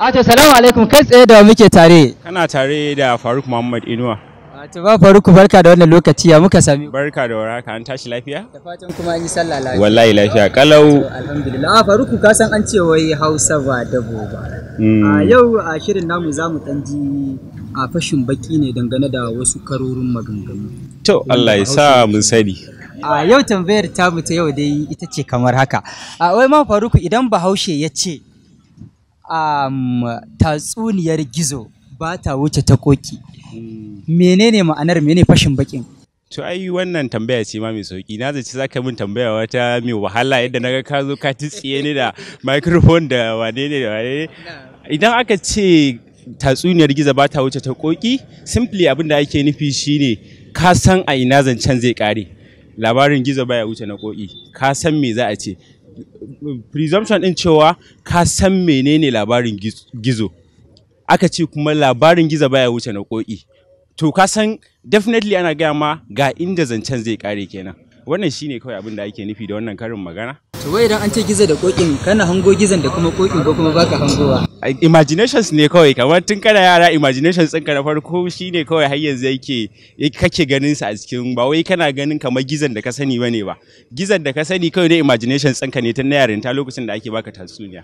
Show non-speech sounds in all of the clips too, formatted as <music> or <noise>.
Ato salamu alaikum kai tsaye da muke tare. Kana tare da Faruk Muhammad Inuwa. Ato, ba Faruk barka da wannan lokaci ya muka sami. Barka da waraka, an tashi lafiya? Da fatan kuma an yi sallah lafiya. Wallahi lafiya kalau. Alhamdulillah. A ah, Faruku ka san an ce wai Hausa ba dabo ba. Hmm. A ah, yau a shirin namu za mu ɗan ji a ah, fashin baki ne dangane da wasu karorin maganganu. To Allah ya sa mun sani. A yau tambayar tamu ta yau dai ita ce kamar haka. A wai ma Faruku idan Bahaushe ya ce um, tatsuniyar gizo ba ta wuce ta koki menene ma'anar menene fashin bakin to ai wannan tambaya ce ma mai sauki na zaci za ka min tambaya wata mai wahala yadda na ga ka zo ka tsiye ne da microphone da wane ne da wane idan aka ce tatsuniyar giza ba ta wuce ta koki simply abin da ake nufi shine ka san a ina zancen zai kare labarin gizo baya wuce na koki ka san me za a ce presumption ɗin cewa ka san menene labarin gizo aka ce kuma labarin gizo baya wuce na ƙoƙi to ka san definitely ana gaya ma ga inda zancen zai kare kenan wannan shine kawai abin da ake nufi da wannan karin magana to wai idan an ce gizo da kokin kana hango gizon da kuma kokin ko kuma baka hangowa imaginations ne kawai kamar tun kana yara imaginations ɗinka na farko shine kawai har yanzu yake kake ganin sa a cikin ba wai kana ganin kamar gizon da ka sani bane ba gizon da ka sani kawai ne imaginations ɗinka ne tun na yarinta lokacin da ake baka tatsuniya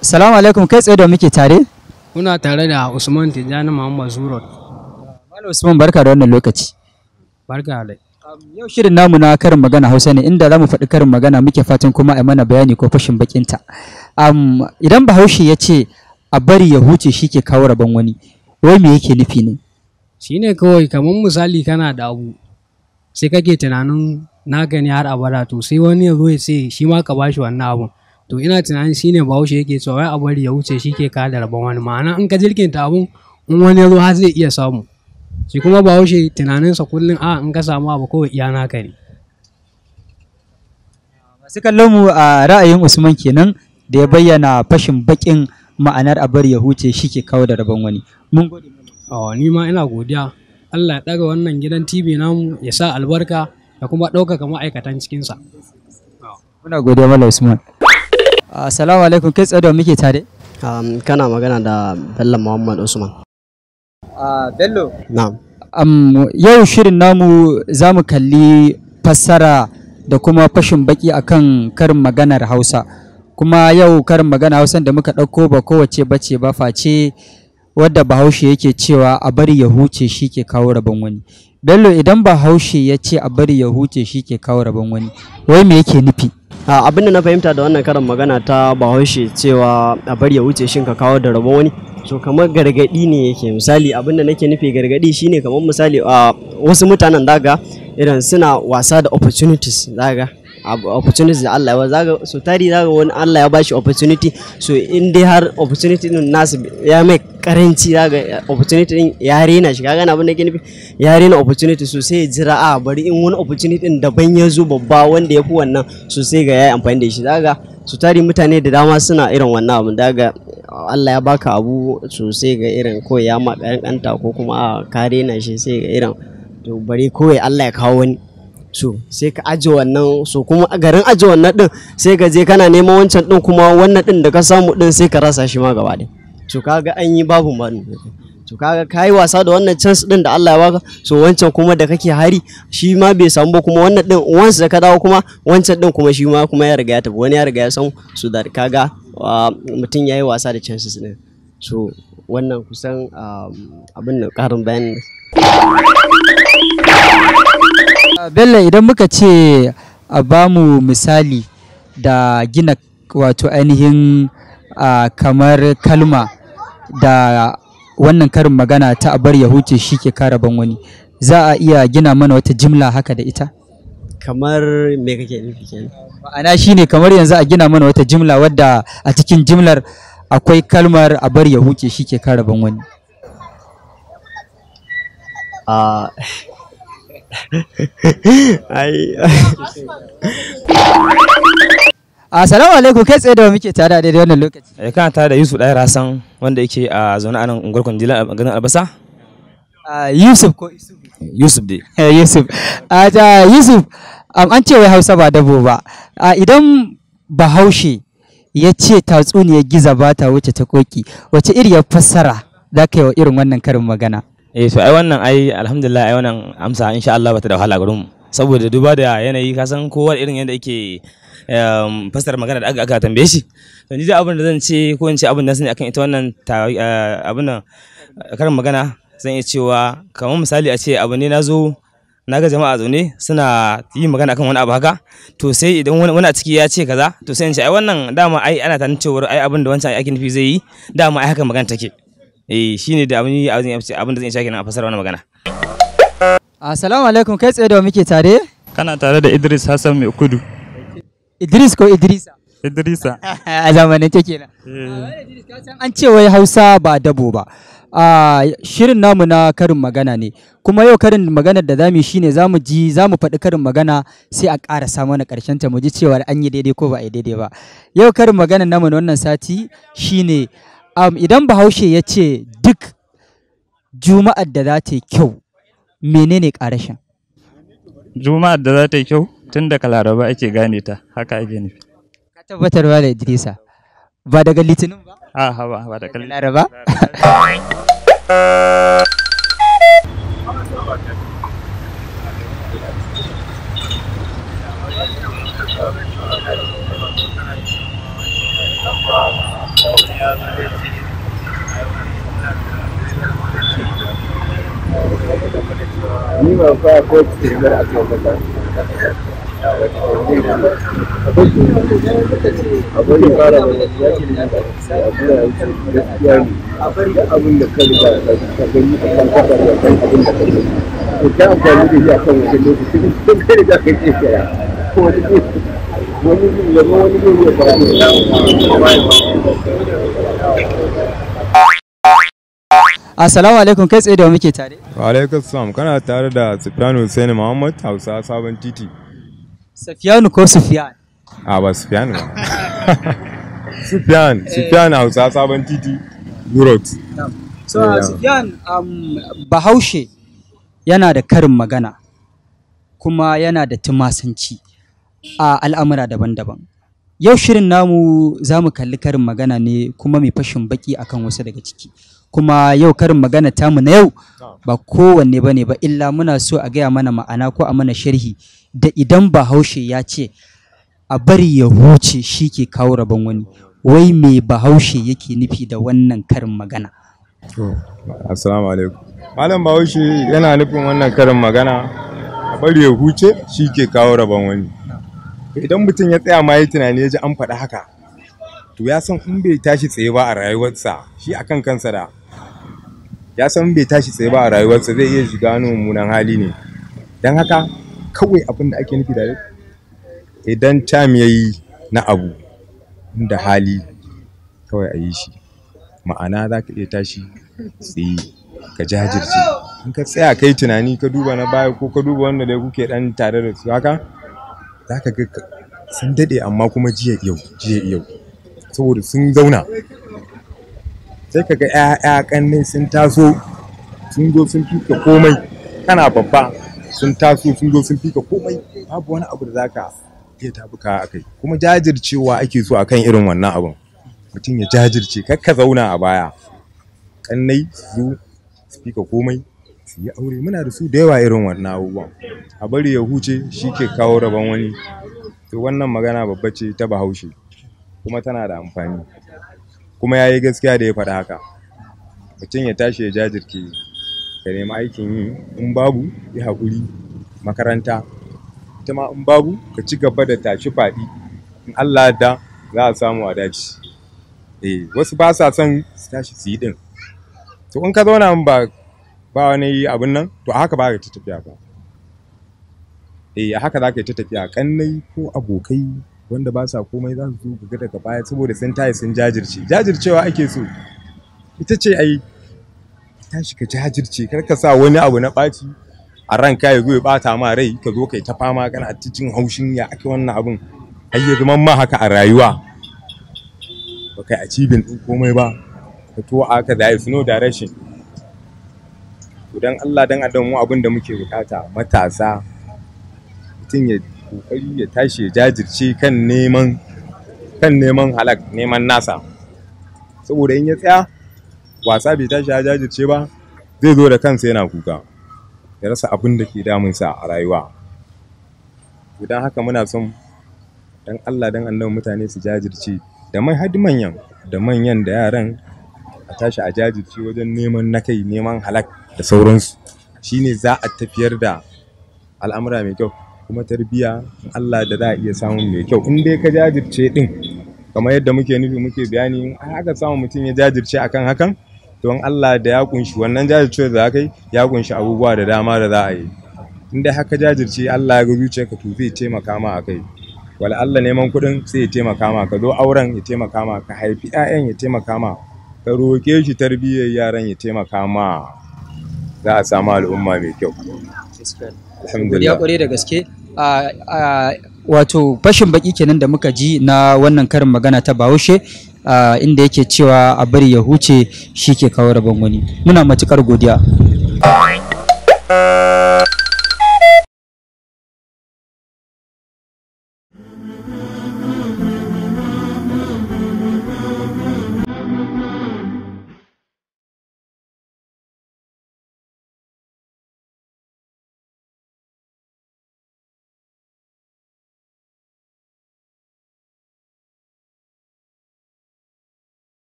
Salamu alaikum kai tsaye da muke tare? Muna tare da Usman Tijjani Muhammad Zurot. Malam Usman barka da wannan lokaci. Barka da. Um, yau shirin namu na karin magana hausa ne inda za mu faɗi karin magana muke fatan kuma a mana bayani ko fashin bakinta um, idan bahaushe ya ce a bari ya huce shi ke kawo rabon wani wai me yake nufi ne shi ne kawai kamar misali kana da abu sai kake tunanin na gani har abada to sai wani ya zo ya ce shi ma ka bashi wannan abun to ina tunanin shi ne bahaushe yake cewa wai a bari ya huce shi ke kawo rabon wani ma'ana in ka jirkinta abun in wani ya zo har zai iya samu shi kuma ba haushe tunaninsa kullum a in ka samu abu ko ya naka ne masu kallon mu a ra'ayin usman kenan da ya bayyana fashin bakin ma'anar abar ya huce shi ke kawo da rabon wani mun gode ni ma ina godiya Allah ya ɗaga wannan gidan TV namu ya sa albarka da kuma ɗaukaka ma'aikatan cikinsa. Muna godiya Mala Usman. Assalamu alaikum kai tsaye da muke tare. Kana magana da Bello Muhammad Usman. Bello. Na'am. yau shirin namu za mu kalli fassara da kuma fashin baki akan karin maganar Hausa. Kuma yau karin magana Hausan da muka ɗauko ba kowace bace ba face wadda Bahaushe yake cewa a bari ya huce shi ke kawo rabon wani. Bello idan Bahaushe ya ce a bari ya huce shi ke kawo rabon wani, wai me yake nufi? Abin da na fahimta da wannan karin magana ta Bahaushe cewa a bari ya huce shi ka kawo da rabon wani, so kamar gargadi ne yake misali abinda nake nufi gargadi shine kamar misali a wasu mutanen zaga irin suna wasa da opportunities zaga opportunities da Allah ya zaga so tari zaga wani Allah ya bashi opportunity so in dai har opportunity din nasu ya mai karanci zaga opportunity din ya rena shi kaga abin da ke nufi ya rena opportunity so sai jira a bari in wani opportunity din daban ya zo babba wanda ya fi wannan so sai ga yayi amfani da shi zaga su tari mutane da dama suna irin wannan abin daga Allah ya baka abu sosai ga irin ko ya ma ko kuma a kare na shi sai ga irin to bari kawai Allah ya kawo wani so sai ka aje wannan so kuma a garin aje wannan din sai ka je kana neman wancan din kuma wannan din da ka samu din sai ka rasa shi ma gaba ɗaya to kaga an yi babu manu to kaga kai wasa da wannan chance din da Allah ya baka so wancan kuma da kake hari shi ma bai samu ba kuma wannan din once da ka dawo kuma wancan din kuma shi ma kuma ya riga ya tafi wani ya riga ya san su da kaga ah, mutum yayi wasa da chances din so wannan kusan ah, abin da karin ah, bayan Bello idan muka ce a bamu misali da gina wato ainihin kamar kalma da wannan karin magana ta abar ya huce shi ke kara ban wani za a iya gina mana wata jimla haka da ita kamar me kake nufi kenan ma'ana shine kamar yanzu a gina mana wata jimla wadda a cikin jimlar akwai kalmar a bar ya huce shi ke kara ban wani <laughs> ai <laughs> Assalamu alaikum kai tsaye da muke tare a daidai wannan lokaci. Eh kana tare da Yusuf Dai Rasan wanda yake a zaune a nan unguwar Kwanjila a garin Albasa. Yusuf ko Yusuf? Yusuf dai. <laughs> Eh, Yusuf. Yusuf an ce wai Hausa ba dabo ba. Idan Bahaushe ya ce tatsuniyar giza ba ta wuce ta koki wace iri ya fassara za ka yi wa irin wannan karin magana. Eh to ai wannan ai alhamdulillah ai wannan amsa insha Allah ba ta da wahala gurin mu. saboda duba da yanayi ka san kowa irin yadda ake um, fasar magana da aka tambaye shi to ni da abin da zan ce ko in ce abin da sani akan ita wannan uh, abin nan uh, karin magana zan iya cewa kamar misali a ce abu ne na zo na ga jama'a zaune suna yi magana akan wani abu haka to sai idan wani a ciki ya ce kaza to sai in ce ai wannan dama ai ana tanin cewar ai abin da wancan aikin nufi zai yi dama ai haka magana take eh shine da abin abin da zan iya cewa kenan a fasara wannan magana Assalamu alaikum kai tsaye da muke tare? Kana tare da Idris Hassan mai kudu. Idris ko Idrisa? Idrisa. <laughs> A zamanin ke kenan. Eh. An ce wai Hausa ba dabo ba. shirin namu na karin magana ne kuma yau karin magana da zamu shine zamu ji zamu faɗi karin magana sai a ƙara samu na ƙarshen ta mu ji cewa an yi daidai ko ba a yi daidai ba yau karin magana namu na wannan sati shine idan bahaushe ya ce duk juma'ar da za ta yi kyau menene ƙarashin juma'ar da za ta yi kyau tun daga laraba ake gane ta haka ake nufi ka tabbatar ba da idrisa ba daga litinin ba a ba daga laraba <laughs> ba ko ce da a kan mata abin da da mai yaki ne abin da yake gaskiya ne abin da abin da kan da da gani a kan kafar da kan abin da kake to ta amfani da shi a da wani lokaci ko kai da kai ke da ko wani wani ne da ne ya faru Assalamu alaikum kai tsaye da muke tare. Wa alaikum salam kana tare da Sufyan Hussein Muhammad Hausa Sabon Titi. Sufyan ko Sufyan? A ba Sufyan ba. <laughs> Sufyan, eh. Sufyan Hausa Sabon Titi, Durot. So eh, Sufyan um, Bahaushe yana da karin magana kuma yana da tumasanci a al'amura daban-daban. Yau shirin namu za mu kalli karin magana ne kuma mai fashin baki akan wasu daga ciki. kuma yau karin magana tamu na yau ba kowanne ba ne ba illa muna so a gaya mana ma'ana ko a mana sharhi da idan bahaushe ya ce a bari ya huce shi ke kawo rabon wani wai me bahaushe yake nufi da wannan karin magana assalamu alaikum malam bahaushe yana nufin wannan karin magana a bari ya huce shi ke kawo rabon wani idan mutum ya tsaya ma yi tunani ya ji an faɗi haka to ya san in bai tashi tsaye ba a rayuwarsa shi akan kansa da ya san bai tashi tsaye ba a rayuwarsa zai iya shiga wani mummunan hali ne don haka kawai abin da ake nufi da idan tam ya yi na abu da hali kawai a yi shi ma'ana za ka iya tashi tsaye ka jajirce in ka tsaya kai tunani ka duba na baya ko ka duba wanda dai kuke dan tare da su haka za ka ga sun daɗe amma kuma jiya yau jiya yau saboda sun zauna sai kaga ƴaƴa ƙanne sun taso sun zo sun fika komai kana babba sun taso sun zo sun fika komai babu wani abu da zaka iya tabuka a kai kuma jajircewa ake so akan irin wannan abun mutum ya jajirce kar ka zauna a baya kannai su fika komai su yi aure muna da su da yawa irin wannan abubuwan a bari ya huce shi ke kawo rabon wani to wannan magana babba ce ta bahaushe kuma tana da amfani kuma ya yi gaskiya da ya faɗa haka mutum ya tashi ya jajirce ka nemi aikin yi in babu ya haƙuri makaranta ita ma in babu ka ci gaba da tashi faɗi in Allah da za a samu a dace eh wasu ba sa son su tashi su yi din to in ka zauna in ba ba wani abin nan to a haka ba ka ta tafiya ba eh a haka za ka yi ta tafiya kannai ko abokai wanda ba sa komai za su zo ga daga baya saboda sun taya sun jajirce jajircewa ake so ita ce ai tashi ka jajirce kar ka sa wani abu na ɓaci a ranka ya zo ya bata ma rai ka zo kai ta fama kana cikin haushin ya ake wannan abin har ya zama ma haka a rayuwa ba kai achieving din komai ba ka to aka da no direction to dan Allah dan adam mu abin da muke bukata matasa mutum ya kokari ya tashi ya jajirce kan neman kan neman halak neman nasa saboda in ya tsaya wasa bai tashi ya jajirce ba zai zo da kansa yana kuka ya rasa abin da ke damunsa a rayuwa Idan haka muna son dan Allah dan annabi mutane su jajirce da mai hadi manyan da manyan da yaran a tashi a jajirce wajen neman na kai neman halak da sauransu shine za a tafiyar da al'amura mai kyau kuma tarbiya Allah da za a iya samun mai kyau in dai ka jajirce din kamar yadda muke nufi muke bayani in aka samu mutum ya jajirce akan hakan to in Allah da ya kunshi wannan jajirce da za ka yi ya kunshi abubuwa da dama da za a yi in dai haka jajirce Allah ya ga ka to zai taimaka ma kai. wala Allah neman kuɗin sai ya taimaka ma ka zo auren ya taimaka ma ka haifi 'ya'yan ya taimaka ma ka roke shi tarbiyyar yaran ya taimaka ma za a samu al'umma mai kyau alhamdulillah da gaske wato fashin baki kenan da muka ji na wannan karin magana ta bahaushe inda yake cewa a bari ya huce shi ke kawo rabon wani muna matukar godiya